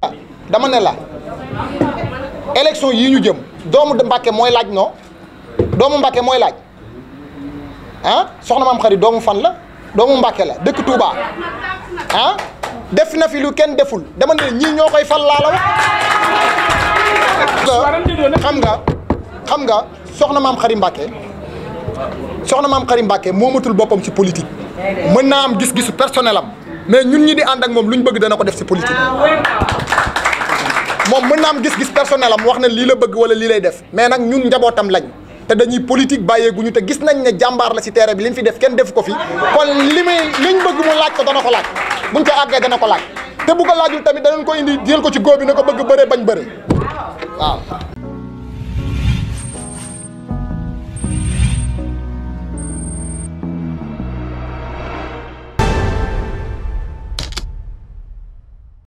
Ah, dama ne la élection yii ñu jëm doomu Mbàkke mooy laaj noo doomu Mbàkke mooy laaj ah soxna maam xarit doomu fan la doomu Mbàkke la dëkk Touba ah def na fi lu kenn deful dama ne ñii ñoo koy fal laa la wax xam nga xam nga soxna maam xari Mbàkke soxna maam xarit Mbàkke moomatul boppam si politique mën naa am gis-gisu personnel am mais ñun ñi di ànd ak moom lu ñu bëgg dana ko def si politique ah, moom mën naa am gis-gis personnel am wax na lii la bëgg wala lii lay def mais nag ñun njabootam lañ te dañuy politique bàyyeeguñu te gis nañ ne jàmbaar la si terrain bi li ñu fi def kenn def ko fi kon li muy liñ bëgg mu laaj ko dana ko laaj buñ ko àggee dana ko laaj te bu ko laajul tamit danañ ko indi jël ko ci góor bi na ko bëgg bëre bañ bëre waaw